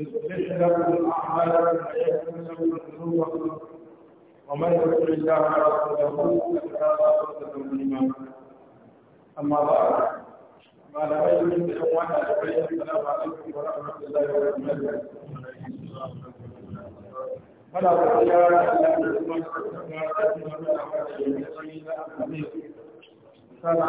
يصلح لكم أعمالكم ويغفر لكم ومن يطع الله ورسوله فقد فاز عظيما أما بعد ما لم يكن الأموال السلام عليكم ورحمة الله وبركاته فلا رجاء إلا بالإيمان والتقوى فلا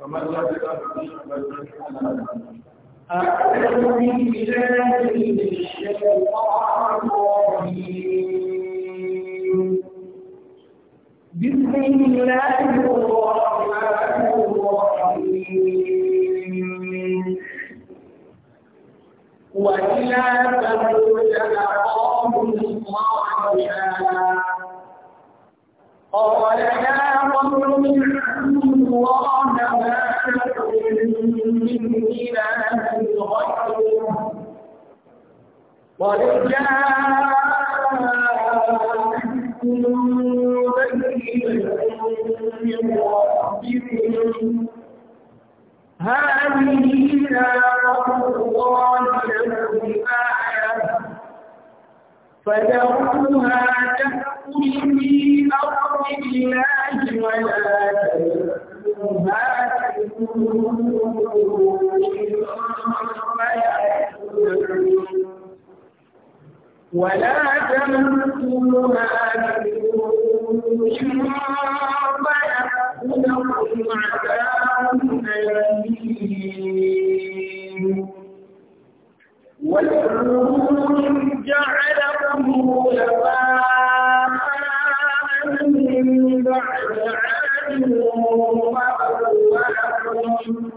أعوذ بالله من الشيطان الرجيم بسم الله الرحمن الرحيم وإلى ثمود أخاهم صالحا قال يا قوم اعبدوا الله ما لكم من إله غيره قد جاءتكم بينة من ربكم هذه نار الله لكم آية فذروها تأكل في أرض الله ولا تلقوا ولا تمسوها فيأخذكم عذاب أليم والحور جعلهم خلفاء من بعد وأولهم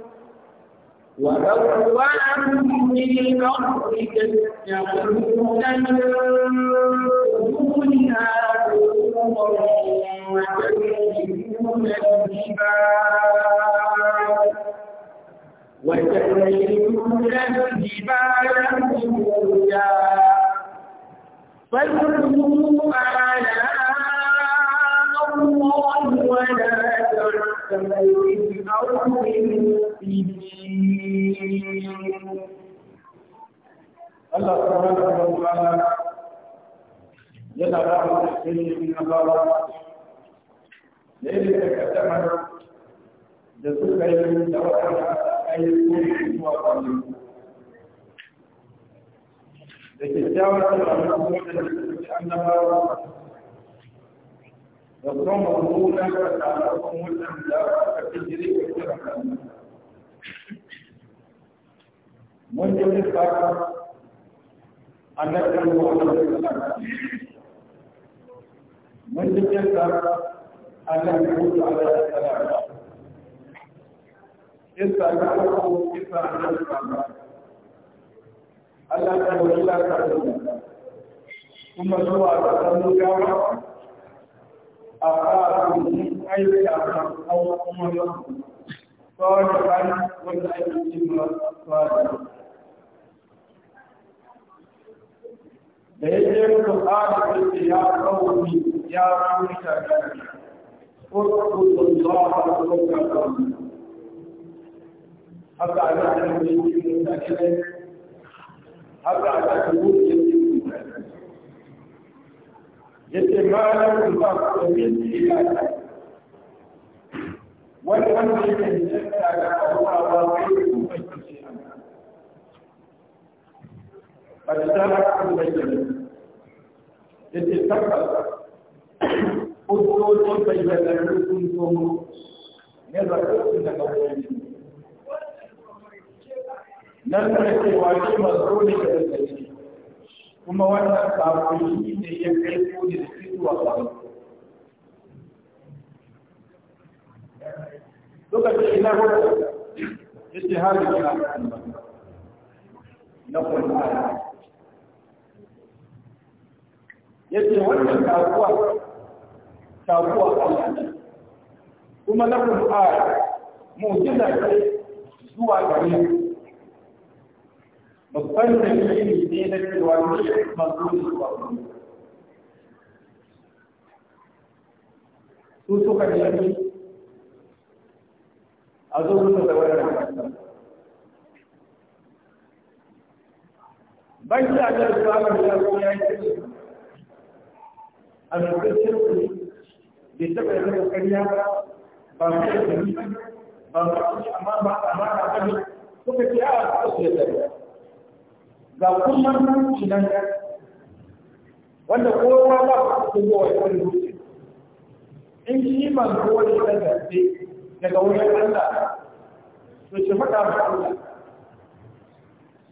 وأولهم للأرض تتقون من دونها قبورا وتنحتون الجبال وتنحتون الجبال قبورا فاذكروا آلاء الله ولا كمثل الأرض المفسدين الله سبحانه وتعالى yana ba mu tasirin na bawa da ka da suka yi da waɗanda da kyakkyawar tsararrun annabawa وقوم أقولا تعلقهم الأملاك فتجري وكرها منجم الفاقة أنك الله منجم الفاقة أنك يقول على السلام إذا نعرفه إذا نعرفه Allah ta wajila ta ثم سوى تسلل جاوة أخاكم أي أخاكم أو أمركم صالحا ولأيكم صالحا da ya ce muku ƙada ce ya kawai ya rubuta gani ko kudin zuwa a kuka kawai haka a yi a cikin mutane haka a cikin yace malamin ba su da yin wani wanda yake da ga abubuwa ba su yi kuma kici a cikin hakan bayyana yace tabbas hujjojin bayyanar sun zo mu ne zaɓi daga wani nan da cewa shi mazo ne da gaske kuma wannan sako shi ne ya kai ko ku da zuwa ba ya ce ina hudu ijtihadin ina na Qur'ani yace wannan takuwa takuwa Allah kuma na mu mu'jiza ce zuwa gare babban dalili ne na cewa ne manzon Allah su suka nemi a zo musu da wannan ban da da zuwa da zuwa ya ce a lokacin ku bai taɓa yin kokariya ba ba mu da ba ba amma ba amma ba suka ce a su da ga kullum nan kinan ka wanda kowa ba ku wa in shi man kowa ne da gaske daga wurin Allah to shi faɗa ba Allah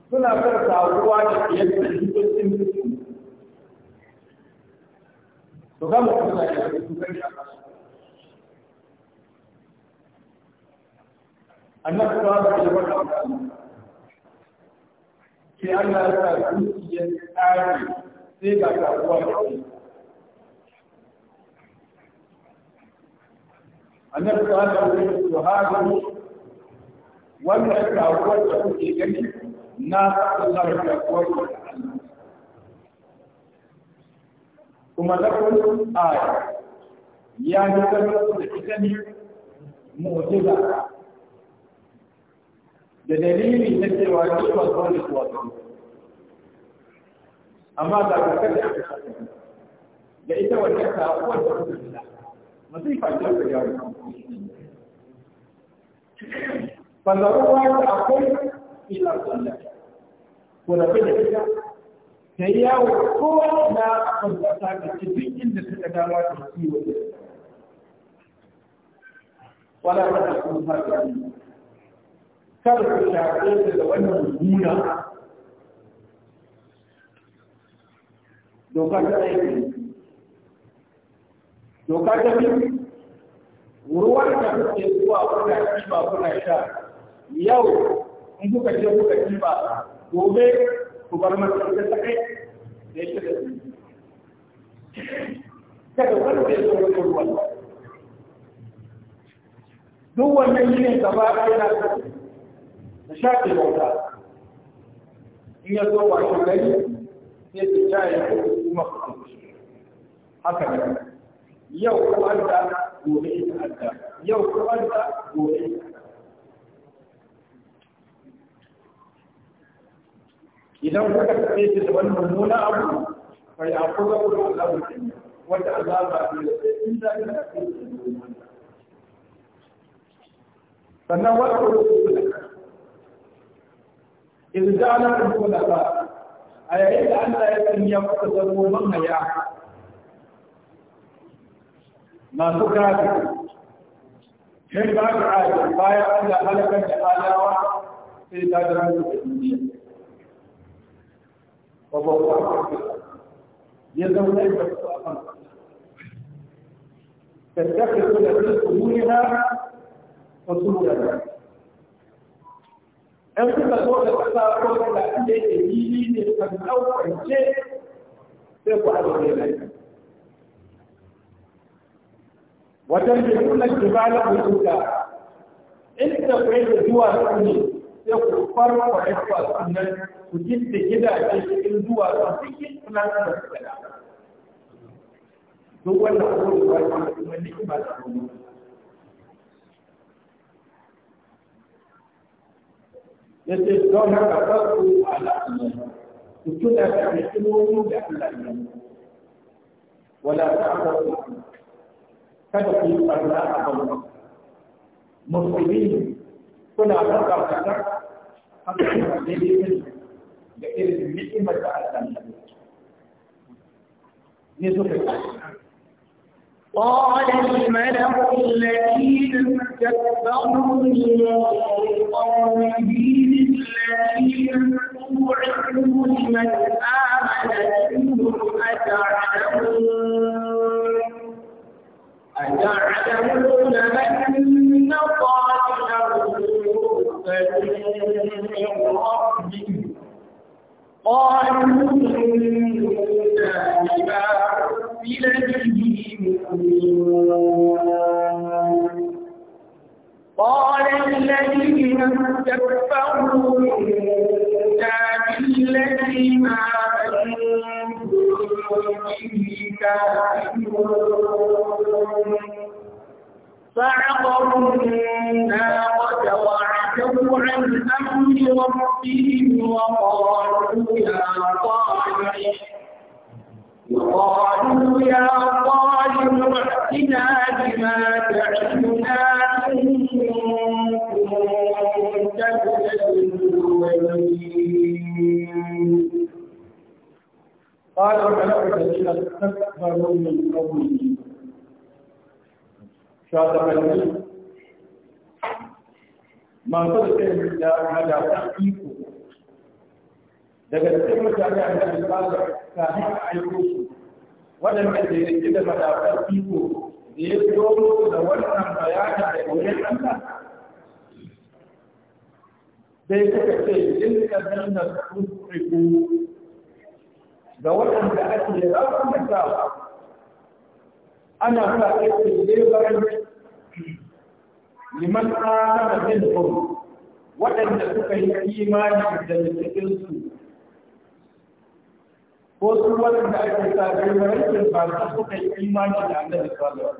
suna karanta ruwa da yadda hikocin mutum to ga mutum da ya su kan shi annabi sallallahu alaihi wa sallam sai Allah ya sa dukiyar tsari sai ga karuwa da ke. Annabi ta hada wani su haɗu wannan karuwar da kuke gani na Allah ya karuwar da Kuma na kullum ya yi zama da ita ne mu'jiza دليل النفس الواجب والظن الواجب أما ذا بكتب عن الشخص لإذا وجدت هو الحمد لله نصيف الجنة يا رب فنروى أقل إلى الظن ونقل إلى هي وقوة لا أقل وصاك تبين إن تتدامات السيوة ولا تتكون هكذا kar ku shafe da wannan guda, doka ta aiki doka ta biyu ruwan da kuke zuwa kuna kiba kuna sha yau in kuka je kuka kiba gobe ku bar masu da ta kai da yake da su kada wani da ya zo wani ruwan duk wannan yi ne gaba ɗaya na نشاط الوضع إن يدوى شغلي يتجاه وقت هكذا يوم أنت وغيث أنت يوم أنت وغيث أنت idan kuka tsaye shi da wani mummuna abu bai a kuma kuma Allah mutum wanda Allah ba ne da in da ina sannan wani إذ جعل الخلفاء أيعيد أن لا يسمي مقتدر من هيا ما سكرات من بعد عاد بايع أن هلكت آلاوة في دار المسلمين وضوء يزن ليس تتخذ لكل أمورها أصولا yan suka zo da ƙasa ko da ɗan da yake yi ne kan ɗaukance sai ku haɗa ne lafiya. Wajen da kuna jibala ku da, inda ku da zuwa su ne sai ku farko da zuwa su nan ku gidda gidaje cikin zuwa su cikin sunan da suka da. Duk wannan abubuwa ne kuma ba da abubuwa. yace don haka farko ala Allah ku tuna da alƙilomin da Allah ya yi wala ta'budu kada ku yi barna a banza musulmi kuna barka kaka haka kuma daidai da irin ni'imar da Allah ya yi ne suka yi قال الملأ الذين استكبروا من قومه الذين ربهم وقالوا يا صالح وقالوا يا صالح ائتنا بما تعدنا إن كنت من المؤمنين قال الملأ الذين استكبروا من قومه شاطر الملك masu da kai da hadasan iko daga cikin mutane a da misali kafin a aiko su waɗanda da yake da iko da ya da wannan bayani da ce in ka da waɗanda ake rafa ana sa ake lebar liman jin waɗanda suka yi imani da littafinsu ko su waɗanda ake sa gargarankin ba su suka yi imani da annabi da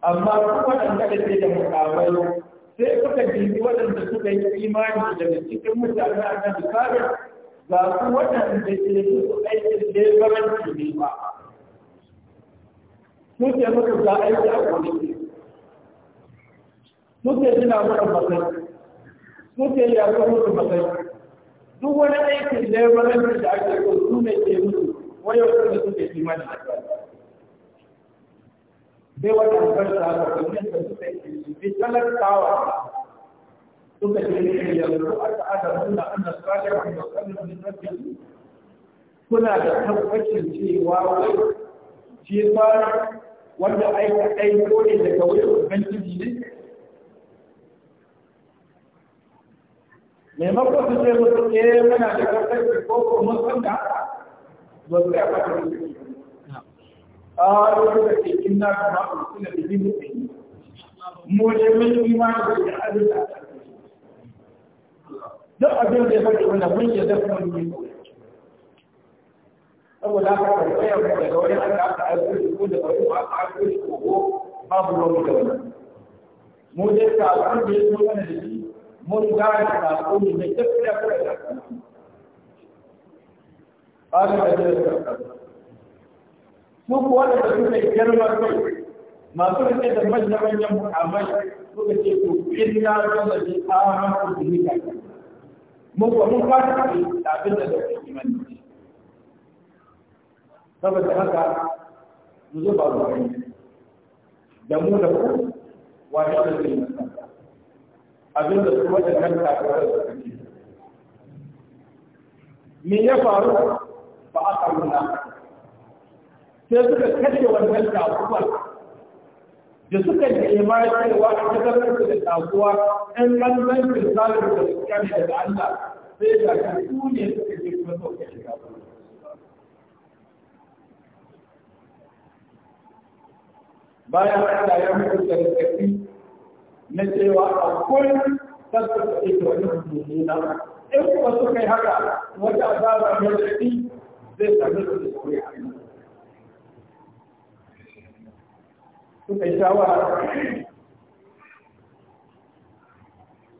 amma su waɗanda ke da mutawar sai suka jini waɗanda suka yi imani daga cikin mutane a kan misalin ga su waɗanda ke da su aikin lebaranci ne ba. Su ke mutu za a yi da akwai muke gina mura matsayi muke yaƙar mura matsayi duk wani aikin da ya baranci da ake so su ne ke mutu wani wasu da suke kimani da bai wata hankali da aka kwanin da suka yi bi talakawa suka ce ne yanzu aka ada nuna an da tsarin da tsarin da tsarin kuna da tabbacin cewa wai ce wanda aika aiko ne daga wurin ubangiji ne maimakon su ce musu ke eh, muna da karfafi ko ko mun san da haka ba su ya fata da su a lokacin da ke kin na kuma su da bibi mu ɗin mu ne mun imani da ya abin da duk abin da ya faɗi wanda mun yi zafi mun yi saboda haka karfaya mu daga wani aka aka aiki ko da wani ba aiki ko babu wani da mu dai ka abin da ya zo mana da shi mun gane sako ne mai tafiya kawai da ba su da jiran karkar su kuwa da su mai girma kai masu rike da manya-manyan mu'amai suka ce to inna zama ji tsarin su da nika mun kuwa mun fata ne da abin da da haka abin da su waɗannan kafirar da suke me ya faru ba a samu na sai suka kashe wannan kafuwa da suka nema cewa a kasar da kafuwa ɗan ƙanzan kirsalin da suka ne daga Allah sai da kan su ne suka je kuma sauke shi kafuwa bayan Allah ya mutu da rikafi na cewa akwai kullum sassa da ita wani mummuni na in kuma suka yi haka wata azaba mai daɗi zai sami da su kuri a suka yi shawara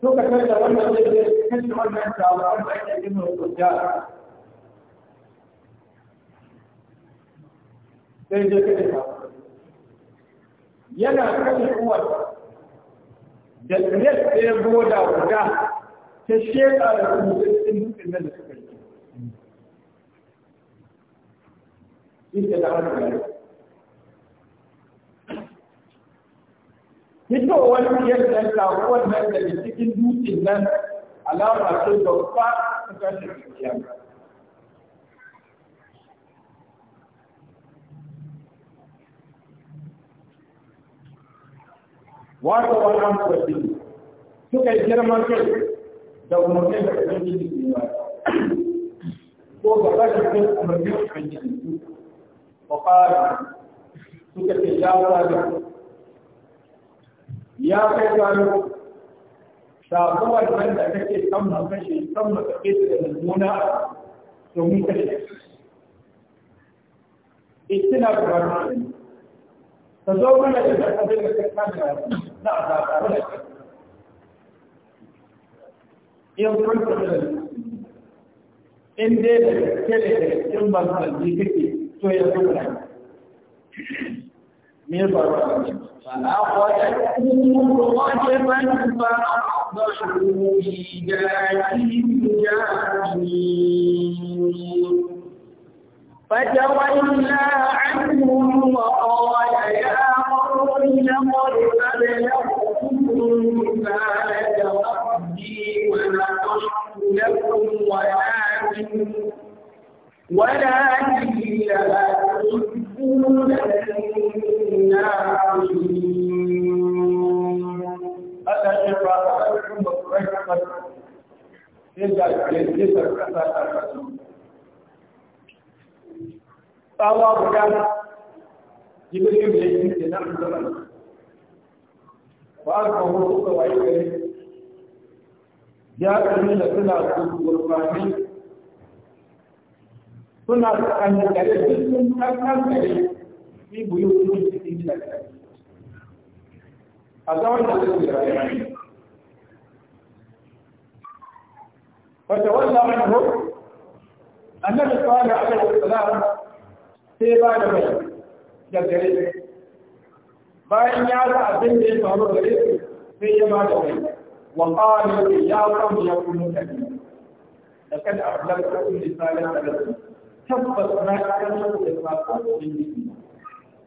suka kanta wannan zai zai kanta wannan shawara da ake gina wasu jara sai zai kanta yana kashe uwarsa da net ɗaya da guda ta sheka da rubutun dutsen nan da suka yi. Ita da hannu ya Fitowar yadda samuwar nan da cikin dutsen nan alama ce babba ta kashe kiyama. wata wani amfani suka yi girman kai da umarnin da kan yi jiki ba ko ba za ka umarnin kan yi jiki ba fara suka ce ya wani ya kai gano shafuwar nan da kake kan makashe kan makashe da mummuna domin kashe istinar eh, da wani ta zo mana da abin da ka kama in da in dai da gaske da cikin bankan ji kake to ya zo na me ba ba ne fala qadatuhum wajban fa aqdaru bi jahannam فتولى عنهم وقال يا قوم لقد أبلغتكم ما ربي ونصحت لكم ولكن ولكن لا تحبون الناصرين. أنا شفاء لكم وقريبا. إذا كنت تسرق tsawa guda jibirin da yake ke nan zaman ba a kawo suka waye gare ya ƙarfi da suna gurbanin suna kankare duk sun kankare ni buyu kuma cikin shakka a zaman da suke rayuwa فتولى عنهم النبي صلى الله عليه وسلم sai ba da mai da gare su bayan ya ga abin da ya faru gare su sai ya ba da mai wa ƙari da ya kan ya kuma kani da kada a lalata su da tsari a su tabbas na kan su da sakon sun yi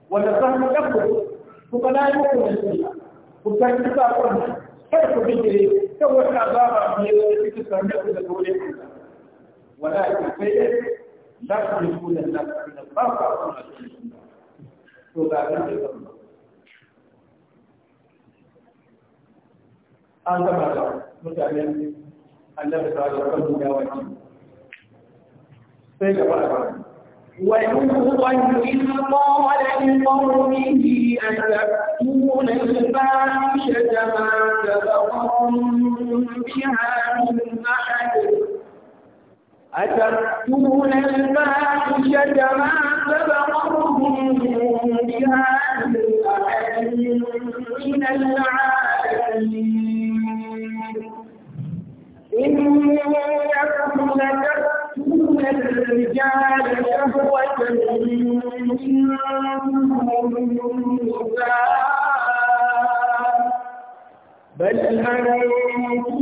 wanda sun mu ɗafu kuma na yi kuma da shi ku kan ci sakon kar ku bi bigire ta wata azaba mai da cikin sanar da dole wala ki sai لا تملكون النفس من الخاصة وما تملكون وبعدين أنت ماذا؟ متعلم النبي صلى الله عليه وسلم وجهه أَنْ ويقول إذ قال لقومه أتأتون الفاحشة ما سبقكم بها من أحد أتبتون الفاحشة ما سبقكم بها من العالمين إنكم لتأتون الرجال شهوة من النساء بل عليكم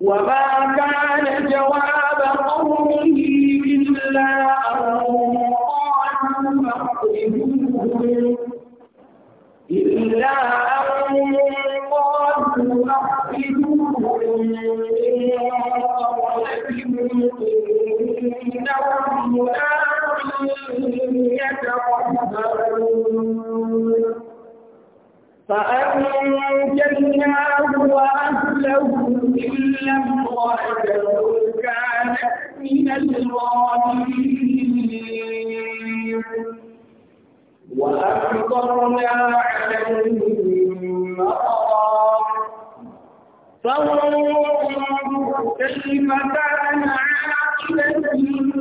وما كان جواب قومه إلا أن قالوا أخرجوهم إلا أن قالوا أخرجوهم من قريتهم يتقبلون فأنجيناه وأهله إلا امرأته كانت من الغالبين وأمطرنا عليهم مطرا فانظر كيف كان عاقبة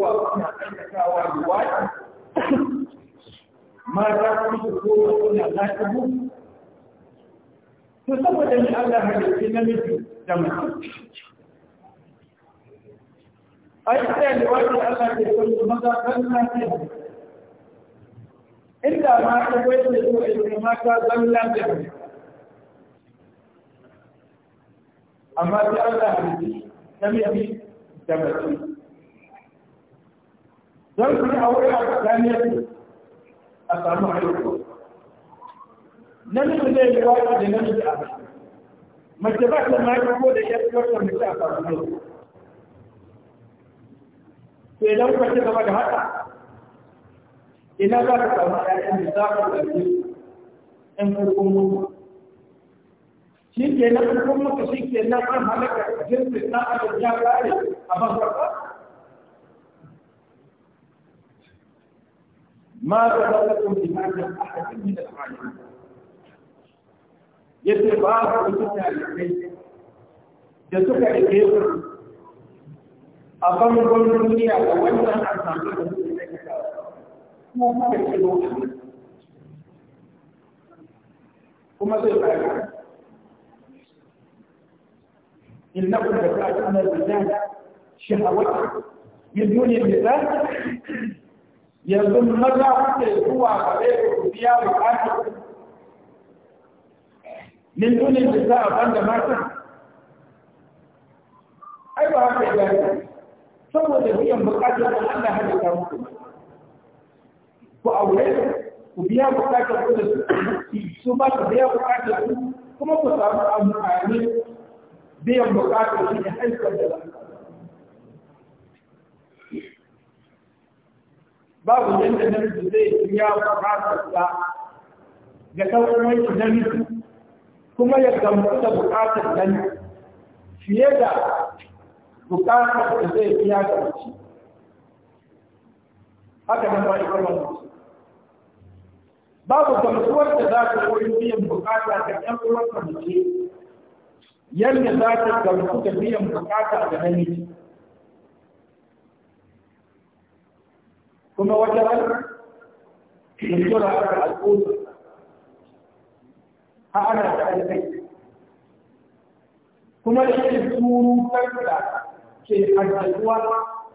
fitowa suna aikatawa luwaɗi mata sun fitowa suna lafiya Su saboda ni Allah halitti namiji da mace ai sai da wani Allah ke son maza kan na inda ma ta wai da su ai mata zalla da amma sai Allah halitti namiji da mace don su yi aure a tsakaniyar a samu haihuwa namiji zai yi wata da namiji a mace ba ta ma ko da ya fi wata mace a samu haihuwa to idan ka ci gaba da haka ina za ka samu ƴaƴan da za ka ɗauki ƴan kurkun mutu shi ke nan kurkun mutu shi ke nan an halaka jinsin na adam ya ƙare a ban farfa ما تبلغكم بمعنى أحد من العالمين يتبع وجودنا لديه جسوك إليه أقام كل الدنيا وأنت أنت مو ممكن وما تبقى إنكم ان الرجال شهوات من دون النساء yanzu maza kuke zuwa gare ku biya bukatar min dunin da za a banda mata ai ba haka ya yi saboda biyan bukatar da Allah hada ta muku ku aure ku biya bukatar ku da su ba ku biya bukatar ku kuma ku samu amfani biyan bukatar shi ne haifar da lafiya babu yadda namiji zai biya bukatarsa ga sauran namiji kuma ya gamsu da bukatar namiji fiye da bukatar da zai biya ga mace haka nan ba ikon mace babu gamsuwar da za ta wurin biyan bukata ga ɗan uwarsa mace yadda za ta gamsu da biyan bukata ga namiji kuma wata ran mutura aka al'udu ha ana da alkai kuma da yake turu kanka ke hajjatuwa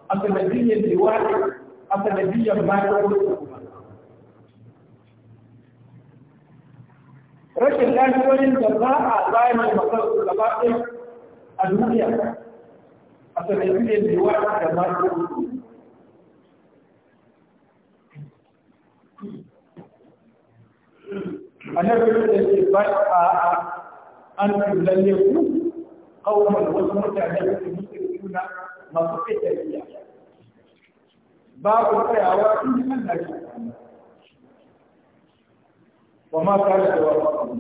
a sanadiyyar liwani a sanadiyyar mata kuma rashin lafiyoyin da za a zayar masarautar gaba a duniya a sanadiyyar da mata annabi da ke ba a an lalle ku kawai wasu mutane da su mutu na masu fitariya babu tsayawa in ji an nashi wa ma kare da wasu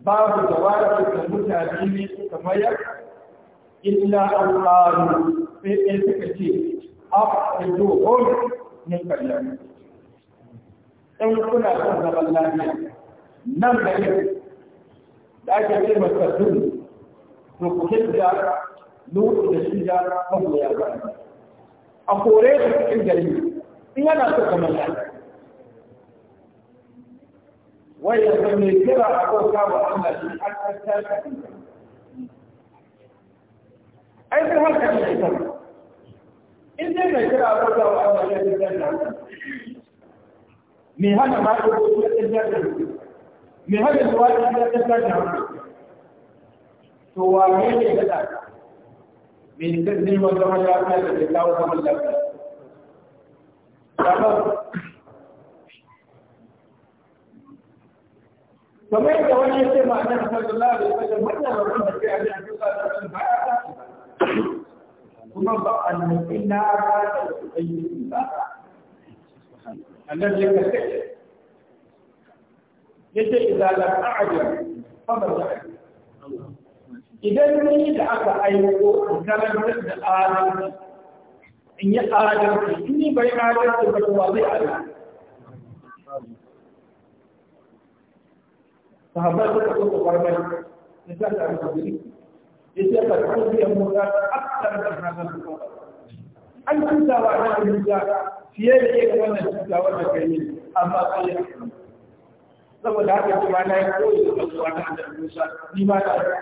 babu jawara da mutane ne suka mayar illa an ƙaru sai ɗaya suka ce a ɗaya min karyar in kuna son zaman lafiya nan da yin da ake yi masarfin to ku hidda nuku da shi da magoya ba a kore da cikin gari in yana son zaman lafiya wai yanzu mai kira a bauta wa Allah shi an tattara ai sai haka ne ita in dai mai kira a bauta wa Allah shi an tattara mai hana ma da wasu ya tsaye da mai hana da wasu ya tsaye da to wa ne ne da da mai da neman zaman lafiya da ke kawo zaman lafiya kamar yadda wani ya ce ma annabi sallallahu alaihi wasallam wannan rabon da ke a cikin sallallahu ba ya ta kuma ba annabi na ba ta ayyukan ba annabi ya kace yace idza lam a'lam fama ta'lam idan ni da aka aiko karantar da adalci in yi adalci in ni bai adalci ba kuwa zai adalci sahabat suka kuka barbar in za ta rufe guri ya ce ka kuka biyan mura ta aksan da ranar an cuta wa na rufe fiye da irin wannan cuta wanda ka yi amma sai ya saboda haka kuma na yi koyi da kasuwa na da Musa ni ma na haka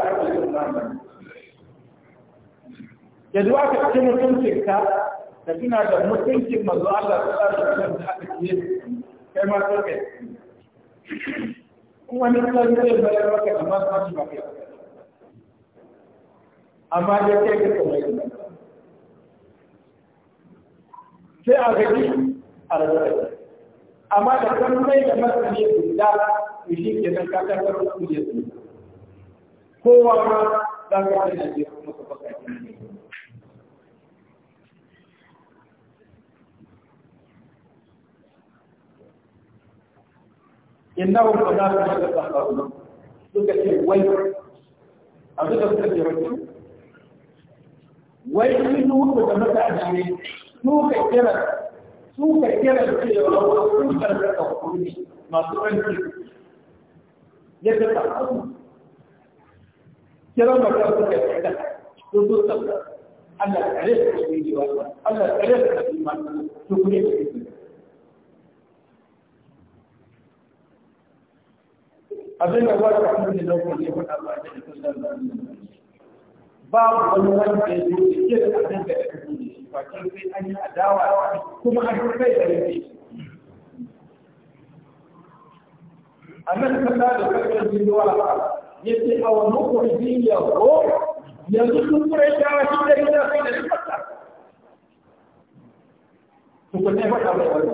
ake yin zamani da zuwa ka cikin mutuncin ka da tuna da mutuncin mazu Allah ta tsara da da aka ciye kai ma sauke wani tsari zai bayar maka da masu masu mafi amma da kai ka kamar yi sai a gaji a rarrabe amma da kan mai da masani ya da shi ke nan kakar da su ya su kowa ma za ka kai na jefa masa bakakin ne innahum qadaru min al-qahar suka ce wai a duka suka ce wai wai sun nuka da mutane suka kira suka kira cewa wasu karkata kuri masu ranci ya ta tafi kira maka suka kira su su tafi Allah kare su da yi wata Allah kare su da yi wata su kure su abin da wata kuma ne lokacin da ya faɗa ba a cikin sallar da babu wani wanda ya zo da ke da abin da aka zo da shi ba ke sai an yi adawa kuma an kai da a annan kalla da kakar jirwa ya ce a wani kurji ya ko yanzu sun kure shawa shi da ita sai da rikata su kunne faɗa mai wani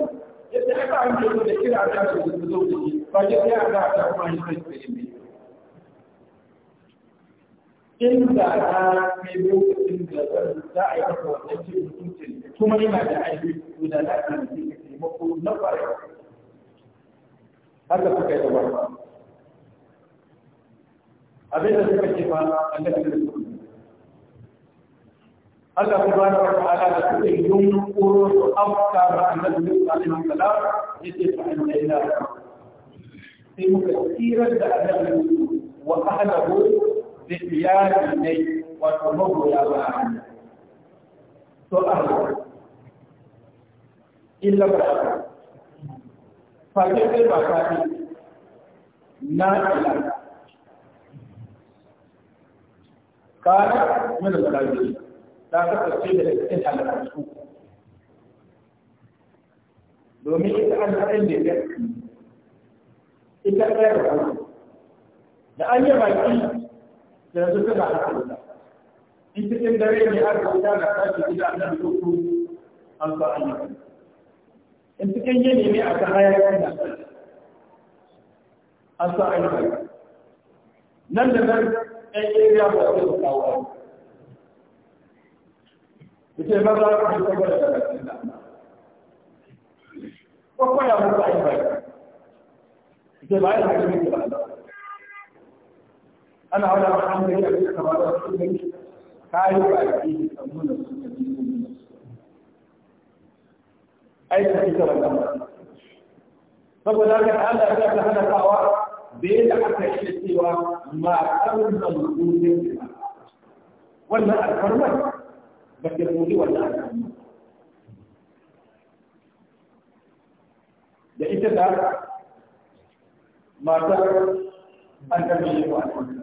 ya ce aka an ce da kira a tashi da zo da shi ba ke sai a ga a tashi ma yi sai da inda ta kai lokacin da za a yi maka wannan cin mutuncin kuma yana da aiki to da za ka yi ka taimako na ƙwarai haka suka yi da wani abin da suka ce ba annabi da su Allah subhanahu wa ta'ala da suka yi yunkuro su afka ba annabi da su alaihi salam yace fa inna ila sai muka tsirar da annabi wa ahlahu da iyali ne wato magoya ba a ne to a illa ba a fashe sai ba kafi na ila kana min al-kafi ta kasance da cikin halakatu domin ita an da ya ita ɗaya da da an yi baki yanzu ba haka da in cikin dare ne har wuta na tashi gida nan duku an sa an yi in cikin yini ne a ta hayaƙi na an sa an yi nan da nan ɗan area ba su da kawo ita ma za ka fita gwada da lafiya ko koya muku ayyuka ba ya ba أنا على محمد يقول لك أنا على محمد يقول لك أنا على محمد يقول لك أنا على محمد يقول بين حتى الشتوى ما أرض الوجود ولا أكبر من بل يقول ولا أكبر من ما ترى أنت من يقول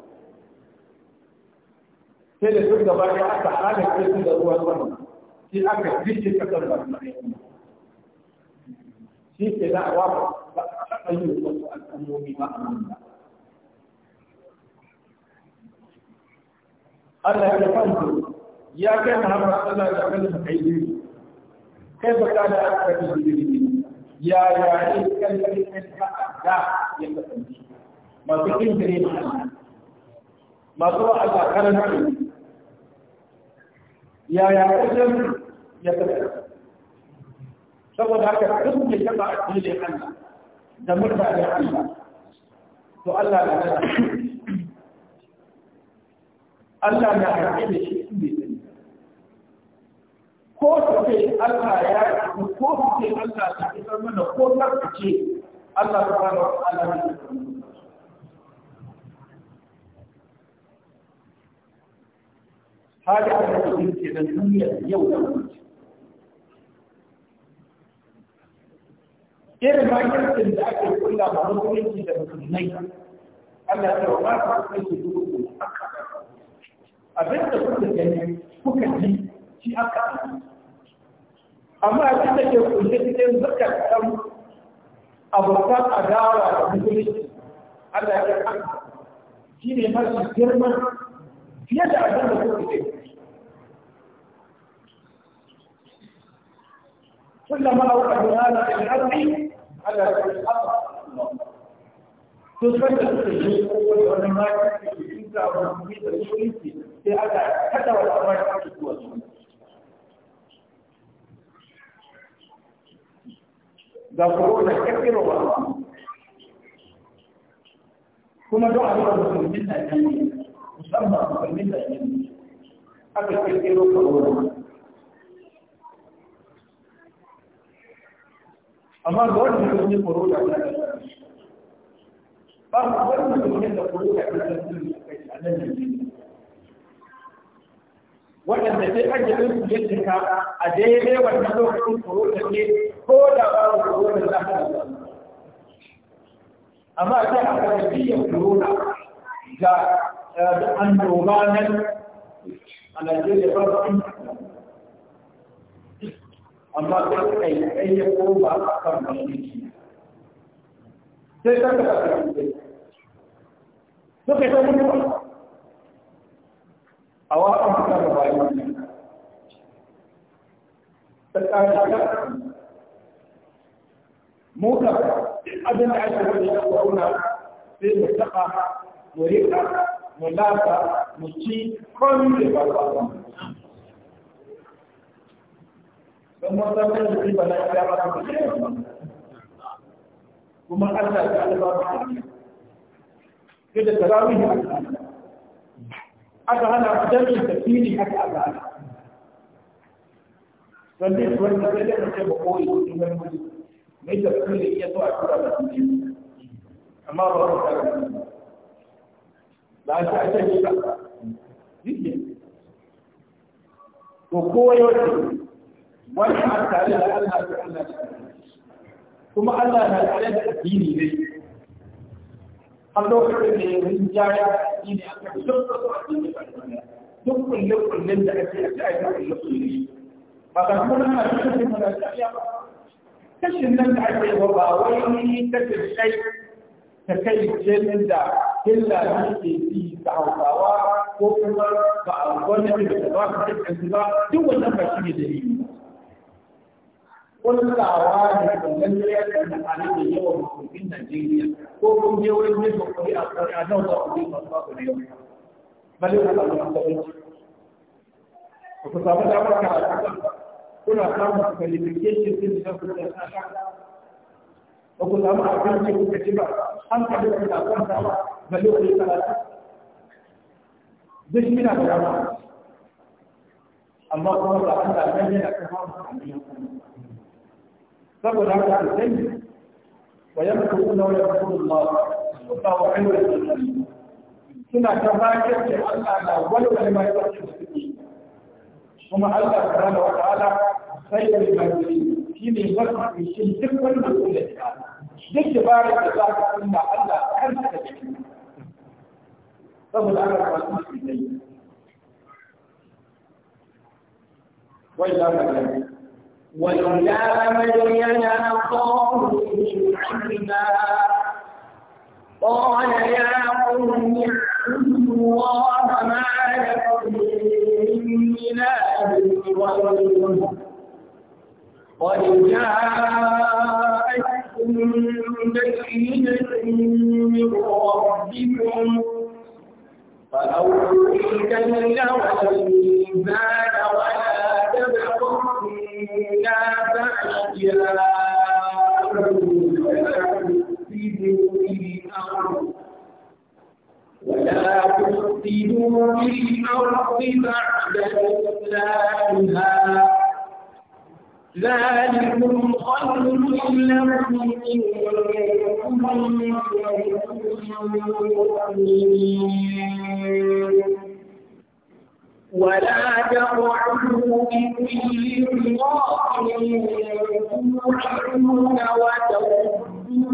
sai da duk gaba ɗaya aka halaka su da ruwan sama shi aka jike kasar da shi ke za a wafa ba a yi yin wasu al'ummomi ba Allah ya fanto ya kai Muhammad Allah ya kalli kai jiri kai ba ka da aka kai jiri ya ya ne kan kan ka da ya kasance masu kin dare ma masu Allah karanta yaya ƙarshen ya tafi saboda haka duk mai taɓa addinin Allah da mutane Allah to Allah na nada Allah na haƙi da shi inda ya sani ko su ce Allah ya ko su ce Allah ta isar mana ko su ce Allah ta fara Allah ne kaga a kan kudin ke nan duniyar yau da wuce irin makircin da ake kula ba musulunci da musulmai Allah ya ba su kai su duk abin da kuka gani kuka ji shi aka amma abin da ke kulle cikin abokan adawa da musulunci Allah ya ba shi ne masu girman fiye da abin da kuka ce كلما أوقدوا هذا في الحرب على الأرض تسبب التجهيز قوة والمال في الجنة أو المفيد الشريفي في أدى حتى والأمر في القوة ضرورة كثير والله كما دعا الله من الجنة musamman musulmin da yin aka kirkiro corona amma ga wani musulmin corona da ba mu wani musulmin da corona ta da kai a nan waɗanda sai an yi ɗin yin cika a daidai wannan lokacin corona ne ko da ba mu corona za ta da amma sai a kwanci yin corona ga أن يغانا على جيل فرق أما أي أي قوبة أكثر من المسلمين سيتكتب في عندي سيتكتب في عندي أو أكثر من المسلمين سيتكتب موسى أبن عشر الله هنا في المستقى وريقنا mu lafa mu ci komi da ba ba don ta mai da riba na ya ba su kuma Allah ya ba ba yadda tarawih aka hana jami'in tafsiri aka aka hana don wani sai da kace ba koyi in wani mutum mai tafsiri ya zo a tura da amma ba ba ba ba jike to kowa wani a tare da Allah ta Allah kuma Allah na tare da addini ne har lokacin da ya rinjaya addini a kan ba duk kullum-kullum da ake a ci a yi kullum ba ka na da ba kashin nan da ake yi ba wani kashin kai ta kai jenin da illa da ake yi da hausawa ko kuma ba a gwamnati da ba ka cikin ba duk wannan ba shi ne dalili kullawa da gangariyar da hali da yawan musulmin Najeriya ko kun je wani ne ba kuri a kare a nan za ku je masu babu da yawa bale ka samu masalanci ba ku samu damar ka a kuna samun qualification din da kuka da ba ku samu abinci da kuka ci ba hankali da kuka kwanta ba بل يخرج ثلاثة دش من الجامعة الله سبحانه وتعالى من يكفهم فقل هذا الزين ويمكرون ويمكر الله والله حلو للمسلمين كما كما يكفي الله ولو لما يكفي المسلمين ثم الله سبحانه وتعالى خير saboda ana karatu su ne wai za ka gani ولولا أخاه شعيبا قال يا قوم اعبدوا الله ما لكم من إله غيره قد جاءتكم بشيرة من ربكم فأوفيك الميزان ولا تبخسوا الناس أشياءهم ولا تفسدوا في الأرض بعد إصلاحها ذلكم خير لكم إن كنتم ولا تقعدوا بكل صراط توعدون وتصدون عن سبيل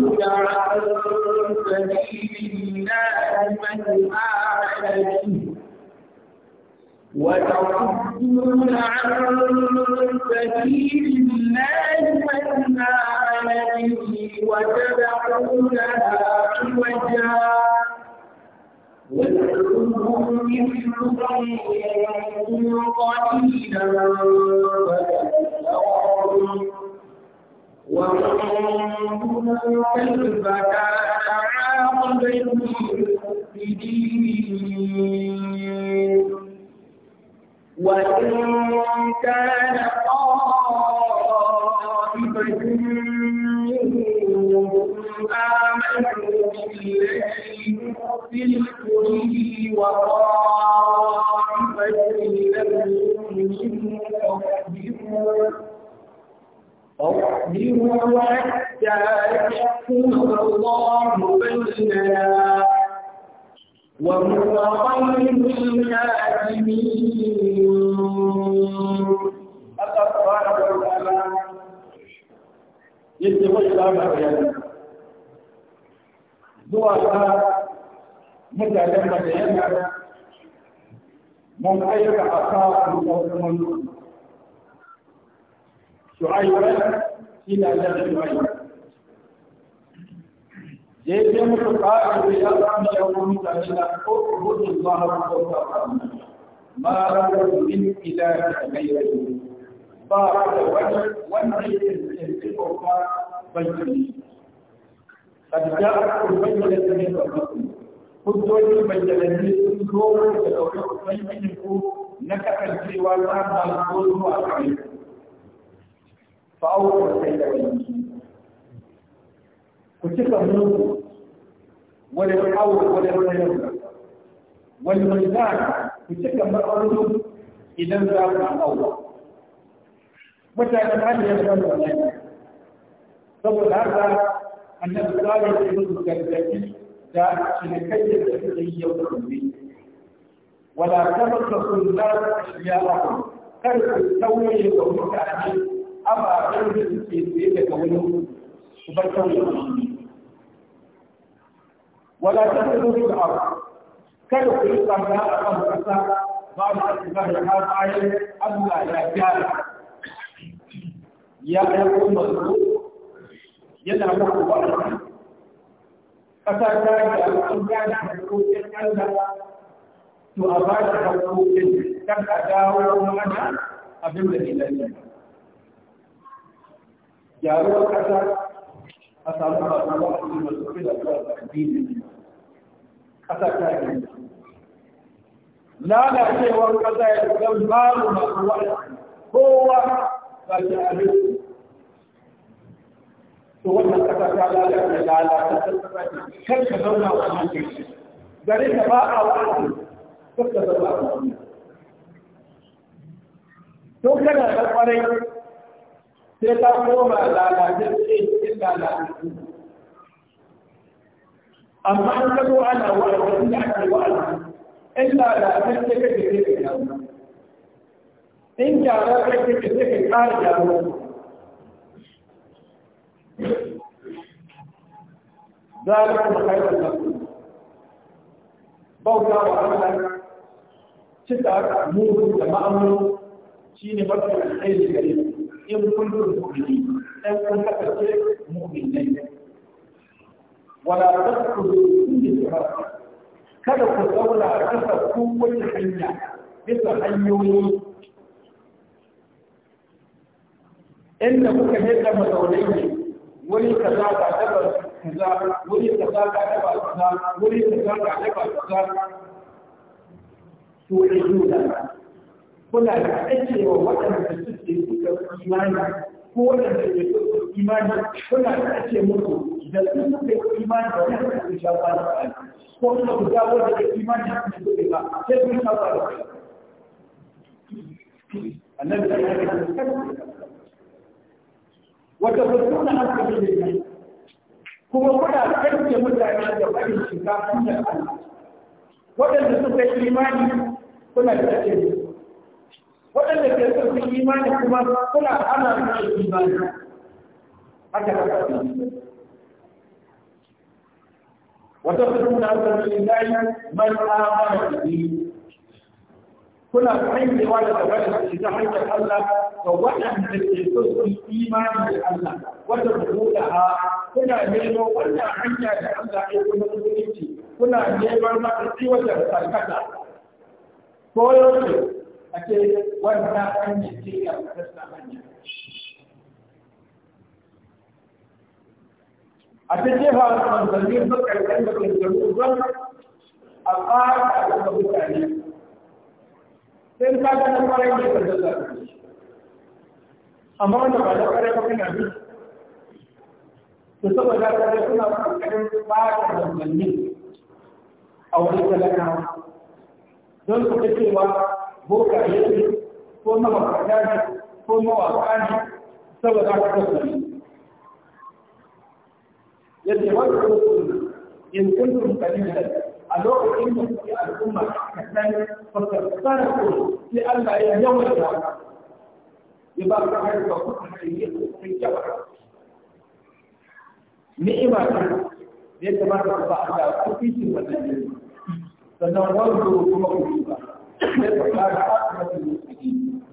الله من آمن به وتصدون عن سبيل الله والنعم به وتدعونها عوجا وادعوهم مثلكم قليلا فتذكرون وانظروا كيف كان عاقبة المفسدين وإن كان طائفة منهم آمنوا بالذي أرسلت به وطائفة لم يؤمنوا فاصبروا فاصبروا حتى يحكم الله بيننا وهو خير الحاكمين أقرأ سبحانه وتعالى يتقي الله بيانه zuwa ga mutanen da yana mun aika a kafin ɗaukar manuwa. Shu'ayyar ina da shu'ayyar. جيسے ہم کو کہا کہ یہ اللہ میں یوم کا اللہ کو عبد اللہ کو کرنا ما رب من الہ غیر بارك وجهك ونعيد الكفار بيني قد جاءتكم بينة من ربكم خذ وجه بينتي انظروا فتوفيق بينكم نكت الجوار ما الظلم عليكم فأوفوا الكيل ku cika muku wani awo wani rayuwa wani mizan ku cika ma'aunin idan za ku awo mutane ba ne ya zama saboda haka annabi sallallahu alaihi wasallam gargadi da cinikayyar da suke yi yau da gobe wala tabaqu nar iyyahum kar ku tauye wa mutane ababen da suke tsaye daga wani ku bar wala ta kudu fil kada ku yi barna a kan kasa babu da asibar da har ayin Allah ya gyara ya aiko yana muku ba kasa ta yi an gane harkokin Allah to a ba da harkokin kan abin da ke a samu masu wa'azi masu kira da addini ƙasa ta yi Na lalacewar ƙasa ya zan babu masu wa'azi kowa ba shi abin to wannan ƙasa ta da lalace kar ka zauna a cikin gari da ba a wa'azi kar ka zauna a cikin to kana da kwarai sai ta koma lalace على أما أن تدعو على وعد على وعد إلا لا تشتك بذلك الأول إن جاء ذلك بذلك الآية ذلك خير لكم بوضع وعملا ستة أمور ومأمور شيني بطل الحيل الكريم إن كنتم مؤمنين أن تكون مؤمنين ولا تدخلوا كل صراط kada ku zauna a ƙasa kowace hanya bisa hanyoyi inda kuka hita mazaunai ne wuri ka za ka daba kaza wuri ka za ka daba kaza wuri ka za ka daba kaza to da juna kuna da ake wa waɗanda suke suka imani ko wannan da ke so imani kuna da ce muku da sun suka imani da da kai ko kuma ku dawo da imani da ke ba sai kun ba. da kai annabi ya yi wata rukuna an kabe da kai kuma kuna karke mutane da barin shiga kuna Allah waɗanda suka yi imani kuna da ake waɗanda ke so su imani kuma suna ana su imani haka haka wata kuma na sarki layi man amana bihi kuna hanyar da tabbata shi ta hanyar Allah ga waɗanda ke so su imani da Allah wata rubuta ha kuna nemo wannan hanya da Allah ya kuma musulunci kuna neman masu tsiwatar sarkata ko yau a ce wannan hanyar ce ya fadasta hanyar a ta jefa manzannin makarkar da kankaru don a ƙara da mutane sai ta ga kwarai ne ka zalla amma wanda ba da kwarai ba kana bi to saboda kwarai suna kokarin ɓata manzannin a wani talakawa don su ta cewa boka ne ko mamakata ne ko mawaka ne saboda haka kasance yadda wani kuma in kuntum kalilan a lokacin da suke al'umma kaɗan fasarfarku sai Allah ya yawaita ya ba ka harfa kuka hanyar sun yawa ni'ima ta ya kamata ba a ku fi shi wannan ne sannan wanzu kuma ku ba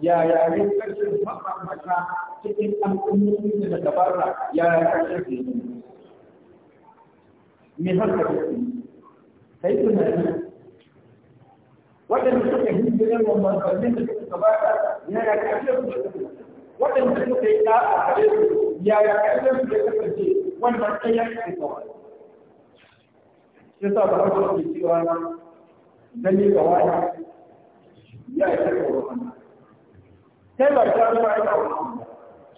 ya ya ne karshen makamata cikin ya ya ya ya ya ya ya wannan ɗaya ne kawai sai sa ba haka ke cewa dan yi gawaya ya yi kai wa wannan kai ba ta ba ya wa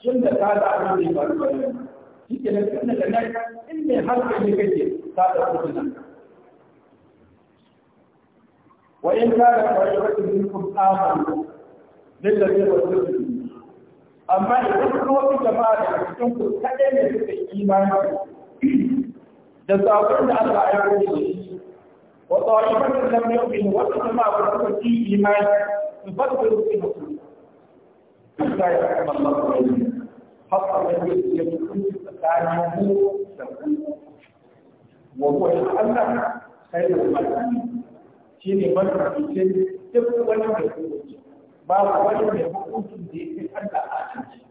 shin da ka da abin da ba ba shi ke nan tun da nan in ne har kai ne kake ta da kudin wa in ka da kwarewa minkum amanu lillazi wa rasulihi amma idan kuma wata jama'a da cikin ku kadai ne suka imani da sabon da Allah ya rubuta وطائفة لم يؤمنوا والسماء والأرض في إيمان تفكر في مسلم حتى يحكم الله بينهم حتى يكون تعلمه وهو يتعلم خير المكان شيء مرة في شيء تبقى ولا تبقى babu wani mai hukuncin da ya fi Allah a cikin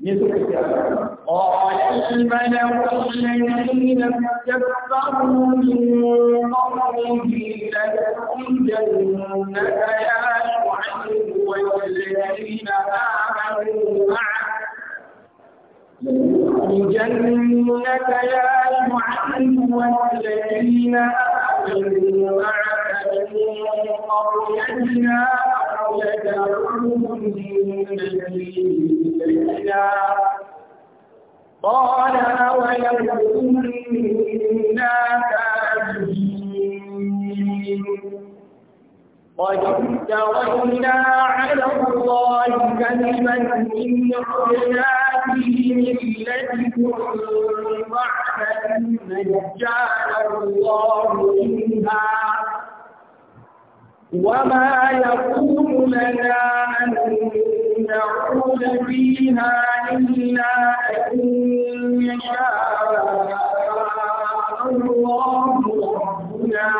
قال الملأ الذين استكبروا من قومه لتخرجنك يا شعيب والذين آمنوا معك يا شعيب والذين آمنوا معك من قريتنا أو لتعودن قال أولو إنا كاذبين قد افترينا على الله كلمة إن عدنا في ملتكم بعد أن نجانا الله منها وما يقول لنا أن يدعون فيها إلا أن يشاء الله ربنا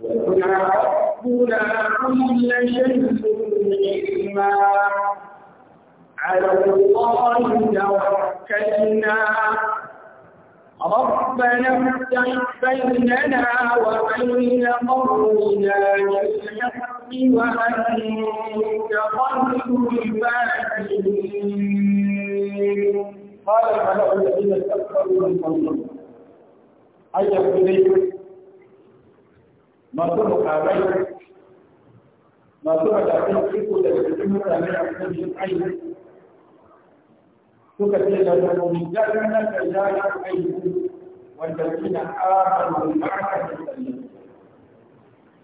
وكنا ربنا كل شيء علما على الله توكلنا ربنا افتح بيننا وبين قومنا بالحق وأنت خير الفاتحين قال الملأ الذين استكبروا من قومهم أي إليكم masu mukamai masu matakan iko daga cikin mutane a cikin aiki suka ce da zarafin jannan da ya yi aiki wanda suna ƙarfin ma'aka da tsalle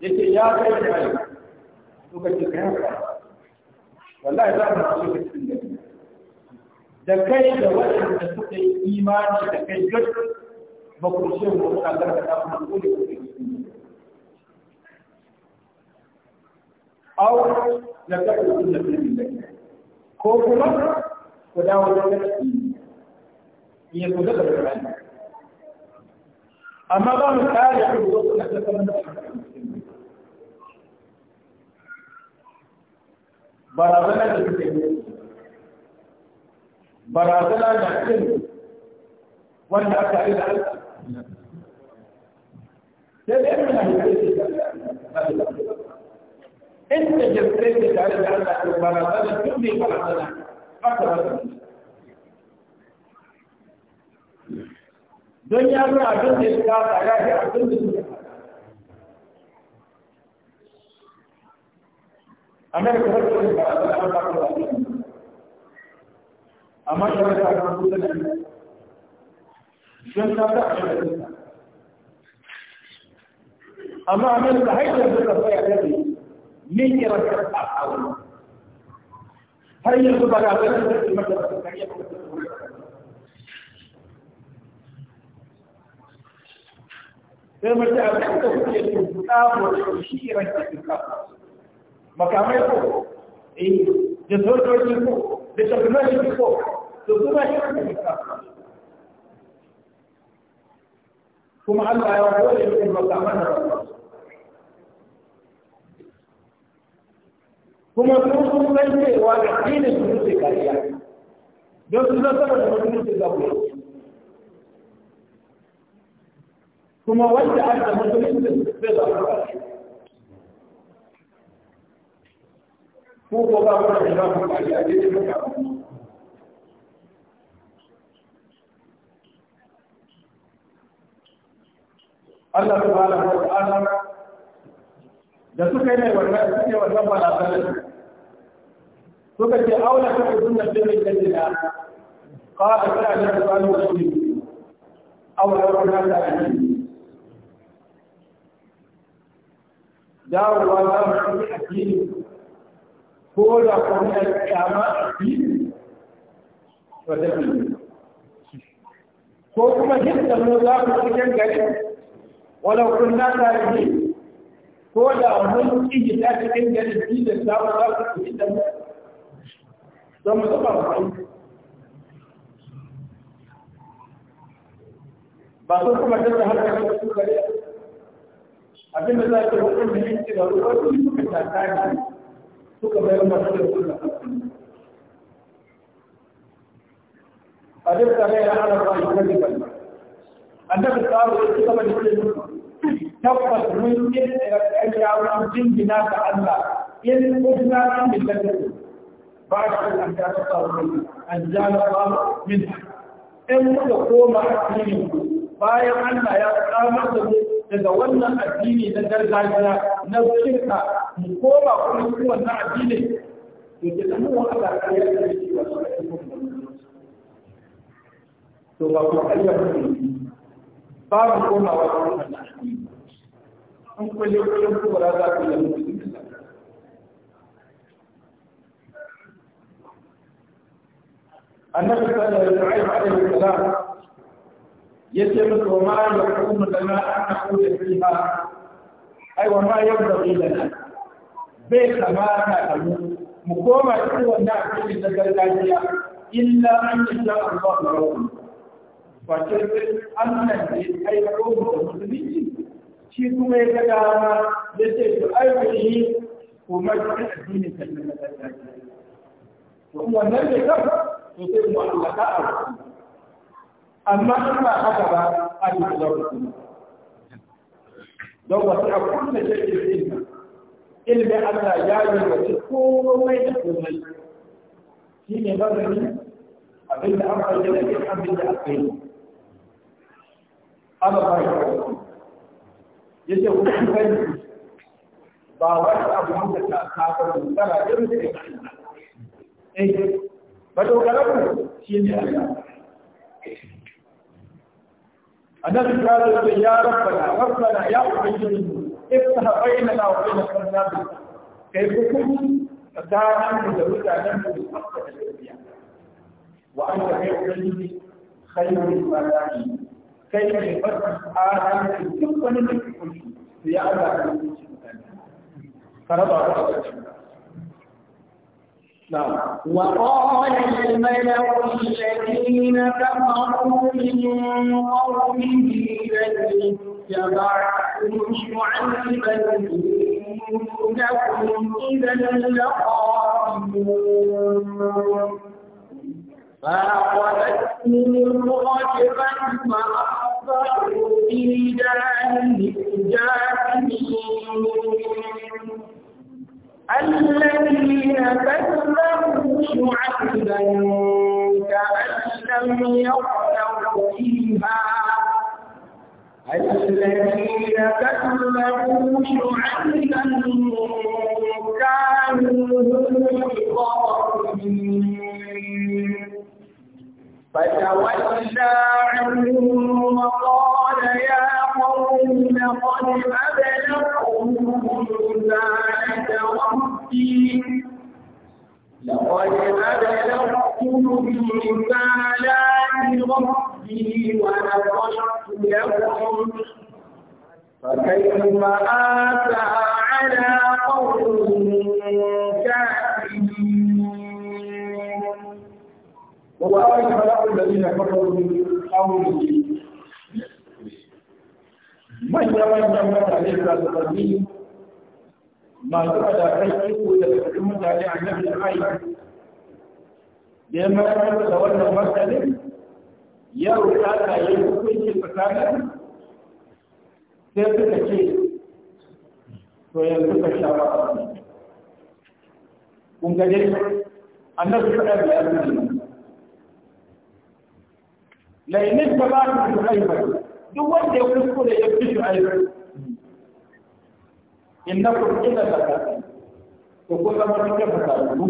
yake ya kai da aiki suka ce ka haka wallahi za mu ci cikin gari da kai da waɗanda suka yi imani da kai duk ba ku ce mu suna ta kuma dole ku yi. au da ka ku da kai, ko kuma ku dawo da gaske ya ku da rani amma ba mu kare ku zo ku da kamar da barazana da kuke yi barazana da kin wanda aka yi da Allah sai da irin da kuke yi in da jirgin da tare da Allah barazana duk ne barazana aka rasa don ya zo abin da ya kasa ya ga abin da suka Amerika har kuma ba a zama ba kuma amma shi wata a kan kusa da don ta ta a shi amma Amerika har yanzu ka tsaya kare ne kira ta a kawo har yanzu ba ga zai da su mata ba kariya ba sai mace a kan da kuke tuntuɗa ko shi iran ke tuntuɗa makamai ko eh da sojoji ko da tafiyoyi ko da suna yi kan tuntuɗa kuma Allah ya wani makamai na rasu kuma su sun san cewa da addinin su suke kariya don su zan saboda musulunci za ku kuma wanda an da musulunci zai za ku kariya ko ko ba ku da za ku kariya ne ne muka Allah subhanahu wa ta'ala da suka yi mai wannan suke wannan balasalar فقد أولى تحبون الجنة الذين قال لا لا سؤال مسلم أو لا ربنا لا دعوا الله من الدين كل من الكلام الدين فتبين فوقما جدا من الله مسكن قريب ولو كنا تاريخين كل من إجتاز كن قريب دين السلام الله مسكن don mu zuba mu ba sun kuma canza harkar da su gare abin da za ka yi wajen da yanki da ruwa su suka tata ne suka bayar masu da suna abin da rai na ana ba yi kan ribar annabi tsaro ya ci gaba da tabbas mun yi da ƴan yawon jingina ta Allah in kuma an bi da بعد أن أنتهت أنزال الله منها إن bayan Allah ya samar da mu daga wannan addini na gargajiya na shirka mu koma kuma cikin wannan addini to ke da mu Allah ya yarda shi ba to ba ku ayyuka ba ba mu koma wa wannan addini an kulle kullum ku ba za ku yi mutunci annabi sallallahu alaihi wa sallam yace musu ma ya kuma lana an aqula fiha ai wa ma yabghi lana bai kamata ka mu mu koma cikin wannan In na gargajiya illa an yasha Allah rabbukum fa ce nan ne ai rabbukum musulmi shi kuma ya ga dama yace to ai ku kuma addini kan na gargajiya to wannan ne kafa to sai mu allaka a rufu amma in ba haka ba a yi da rufu don wasu a kunna shaƙi ilmi ilmi Allah ya yi wasu komai da komai shi ne magani abin da an bayyana ne abin da aka yi ana ba ya ya ce wani kai ba wani abu da ta kafa da tsara irin da ya kai madogararku shi ne Allah annabi ta zo da ya rabbana rabbana ya ubangiji iftaha bainana wa bainal qawmi kai hukunci tsakanin da mutanen mu da hakka da gaskiya wa anta kai ubangiji khairul shi, kai ne farkon tsarin duk wani da kuke ya Allah yi shi mutane ka raba ka da shi نعم. وقال الملأ الذين كفروا من قومه لئن اتبعتم شعيبا إنكم إذا لخاسرون فأخذتهم الرجفة فأصبحوا في دارهم جاثمين الذين كذبوا شعبا كأن لم يغنوا فيها الذين كذبوا شعبا كانوا الظالمين فتولى عنهم وقال يا قوم لقد الدين لقد في رسالات ربي ونصحت لكم فكيف آسى على قوم كافرين وقال خلق الذين كفروا من قومه من يمنع من عليك القديم masu adakai iko da cikin mutane a nan da ai da ya mayar da wannan martanin ya rubuta da ya hukunci tsakanin sai suka ce to yanzu ka sha ba kun ga dai annabi faɗa da azumi lainin ba ba su haifar duk wanda ya kuskure ya fi shi aibar innakum illa zakatun to ko zama cikin fasadu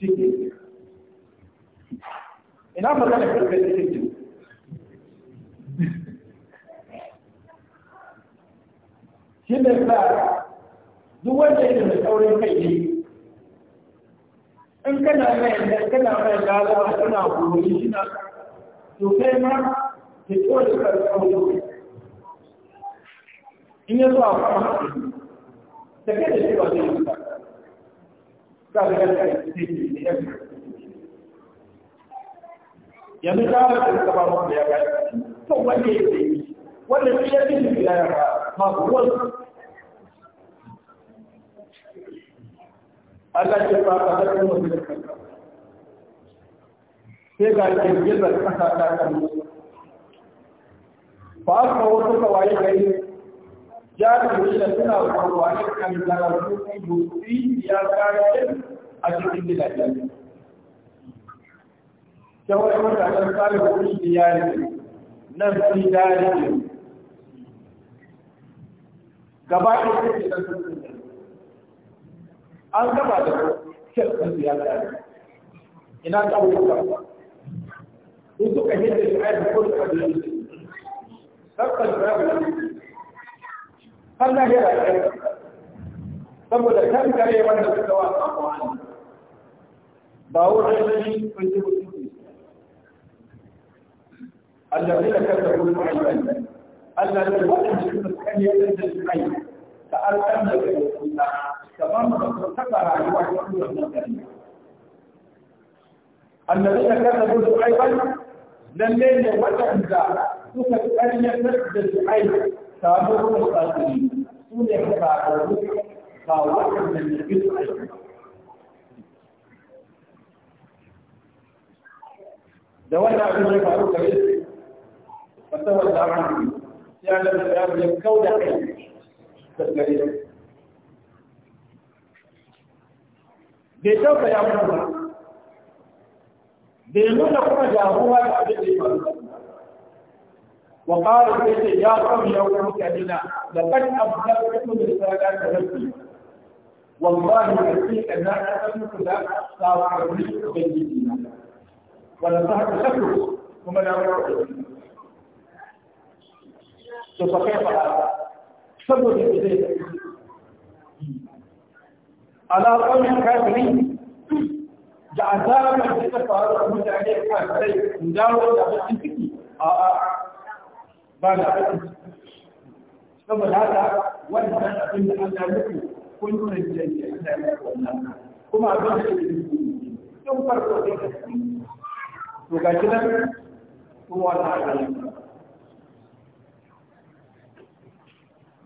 cikin ina magana karfe cikin cikin shi ne sa duk wanda yake da saurin kai ne in kana mai da kana mai galawa kana gori shi na to kai ma ke tsoro ka in ya zo a kuma hankali da da shi ba zai yi ba za a ga da yi da yan yanzu ta hana da suka ba da ya ga to wanda ya yi wanda shi ya cikin ya ga ma Allah ya ba ka da mu da sai ga jirgin da ta kan ba ka waye gari jami'in da suna rubuwa da kan zarafin rufi ya kare a cikin gidajen ta wani mutanen tsarin rufi ya yi nan sun dare ne gaba da suke da sun an gaba da cikin ya kare ina ta wuce in suka hinta shi aiki ko da abin da suke har na hira da kai saboda kan kare wanda suka wa sako an ba wurin shi kun ji mutum الذين كذبوا بالعباد الذين وجدوا كان يجد الحي فأرسلنا الله تمام تقع على واحد الذين كذبوا بالعباد لن يجد وجد سكت أن يسد العباد samu musafiri su ne kafaru ba da ne bi su aiki da wannan abin ya faru gare yi fasawar da an sai an da ya ya kau da kai da gare bai tauka ya mutu ba bai nuna kuma jagowa da abin da ya faru وقال إيه يا قوم يوم قوم كبيرا لقد أبلغتكم رسالات ربي والله يكفيك أن أسلمك لا صار بيدينا ونصحك شكرك وما لا تصحيح صبر إليك على قوم كافرين da azabar da ta faru da mutane kan sai ba na aiki saboda haka wannan abin da Allah muku kun nuna jin da ya wannan kuma abin da yake cikin tun farko da yake to ga kidan kuma wannan abin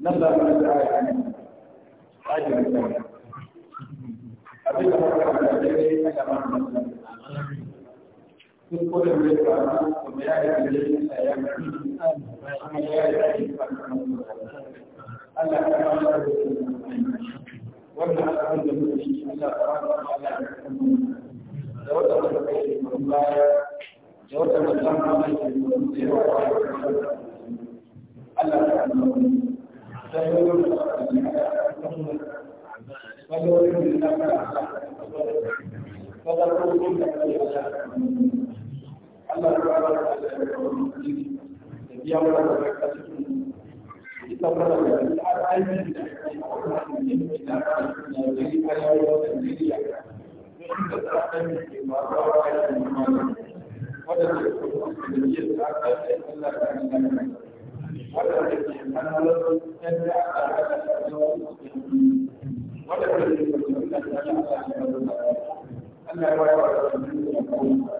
nan da mun da ayi ajin da abin da kuma da yake cikin in ko da mai karatu kuma ya yi da shi ya yi kuma ya yi da Allah ya kama da wannan abin da muke shi Allah ya kama da wata da kai shi mun baya da wata da san kama shi mun yi wa Allah ya kama da yi wa da yi wa da yi wa Allah ya ba da Thank you.